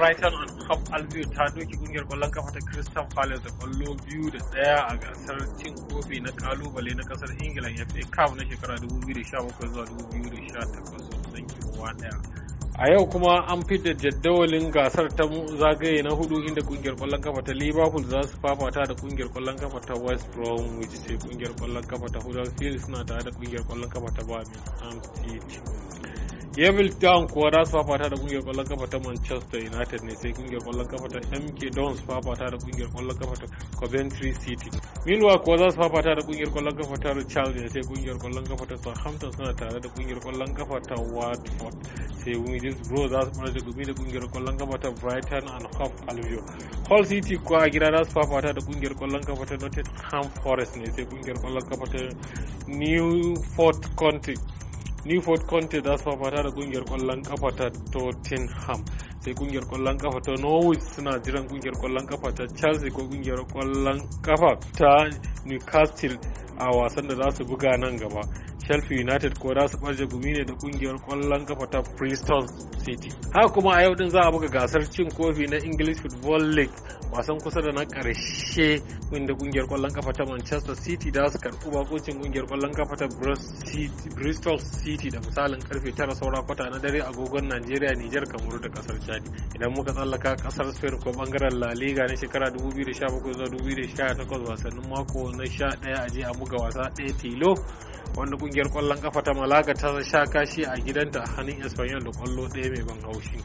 Brighton and Cup Albion ta doki kungiyar kwallon kafa ta Crystal Palace da kwallo biyu da daya a gasar cin kofi na kalubale na kasar Ingila fi kawo na shekara 2017 zuwa 2018 don kowa daya. A yau kuma an da jaddawalin gasar ta zagaye na hudu inda kungiyar kwallon kafa ta Liverpool za su fafata da kungiyar kwallon kafa ta West Bromwich sai kungiyar kwallon kafa ta Huddersfield suna tare da kungiyar kwallon kafa ta Birmingham City. Yevil Town kuwa za su fafata da kungiyar kwallon kafa ta Manchester United ne sai kungiyar kwallon kafa ta MK Dons fafata da kungiyar kwallon kafa ta Coventry City. Millwall kuwa za su fafata da kungiyar kwallon kafa ta Richards ne sai kungiyar kwallon kafa ta Southampton suna tare da kungiyar kwallon kafa ta Watford. Sai Middlesbrough za su fara da gumi da kungiyar kwallon kafa ta Brighton and Hove Albion. Hull City kuwa a gida za su fafata da kungiyar kwallon kafa ta Nottingham Forest ne sai kungiyar kwallon kafa ta Newport County. newport conte za su fafata da kungiyar kwallon kafa ta tottenham sai kungiyar kwallon kafa ta norwich suna jiran kungiyar kwallon kafa ta chelsea ko kungiyar kwallon kafa ta newcastle a wasan da za su buga nan gaba Sheffield United ko za su barje gumi ne da kungiyar kwallon kafa ta Preston City. Haka kuma a yau din za a buga gasar cin kofi na English Football League wasan kusa da na karshe inda kungiyar kwallon kafa ta Manchester City da su karɓi bakocin kungiyar kwallon kafa ta Bristol City da misalin karfe tara saura kwata na dare agogon Najeriya, Nijar, Kamaru da kasar Chad. Idan muka tsallaka kasar Spain ko bangaren La Liga na shekara 2017 zuwa 2018 wasannin mako na 11 a je a buga wasa ɗaya tilo wanda kungiyar kwallon kafa ta malaga ta sha kashi a gidanta a hannun espanyol da kwallo ɗaya mai ban haushi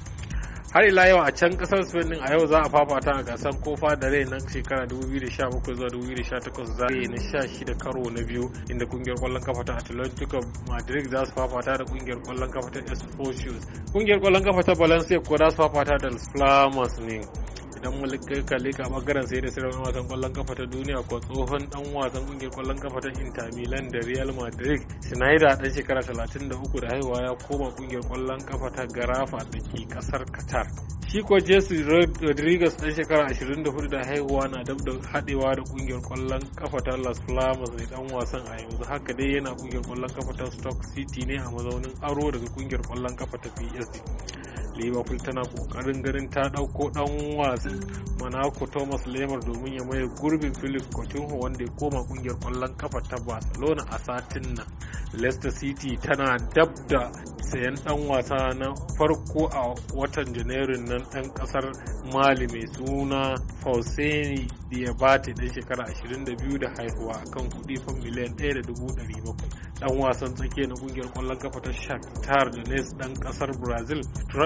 har ila yau a can kasar spain din a yau za a fafata a gasar kofa da rai na shekara 2017 zuwa 2018 yi na 16 karo na biyu inda kungiyar kwallon kafa ta atlantico madrid za su fafata da kungiyar kwallon kafa ta esportius kungiyar kwallon kafa ta valencia ko za su fafata da las ne idan mulka leka bangaren sai da sirrin wasan kwallon kafa ta duniya ko tsohon dan wasan kungiyar kwallon kafa ta Inter Milan da Real Madrid Schneider dan shekara 33 da haihuwa ya koma kungiyar kwallon kafa ta Garafa da ke kasar Qatar shi ko Jesse Rodriguez dan shekara 24 da haihuwa na dab da hadewa da kungiyar kwallon kafa ta Las Palmas ne dan wasan a yanzu haka dai yana kungiyar kwallon kafa ta Stoke City ne a mazaunin aro daga kungiyar kwallon kafa ta PSG liverpool tana kokarin ganin ta dauko dan wasu manako thomas lemar domin ya maye gurbin philip coutinho wanda ya koma kungiyar kwallon kafa ta barcelona a satin nan leicester city tana dab da 'yan dan wasa na farko a watan janairun nan dan kasar mali mai suna fausini diabate dan shekara 22 da haihuwa a kan kudi fan miliyan 1.700 dan wasan tsakiya na kungiyar kwallon kafa ta Shakhtar Donetsk dan kasar Brazil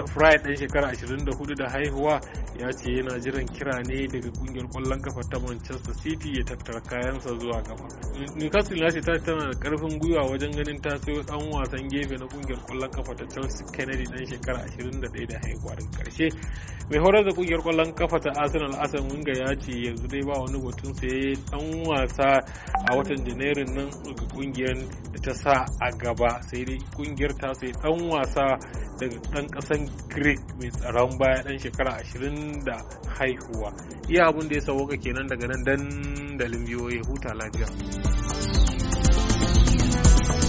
Fry dan shekara 24 da haihuwa ya ce yana jiran kira ne daga kungiyar kwallon kafa ta Manchester City ya tattara kayansa zuwa gaba Newcastle ta tana da karfin gwiwa wajen ganin ta sayo dan wasan gefe na kungiyar kwallon kafa ta Chelsea Kennedy dan shekara 21 da haihuwa daga karshe mai horar da kungiyar kwallon kafa ta Arsenal Asan Wenger ya ce yanzu dai ba wani batun sai dan wasa a watan Janairun nan ga kungiyar da ta sa a gaba sai dai kungiyar ta sai dan wasa daga dan kasan Greek mai tsaron baya dan shekara 20 da haihuwa iya abun da ya sauka kenan daga nan dan dalin biyo ya huta lafiya Thank you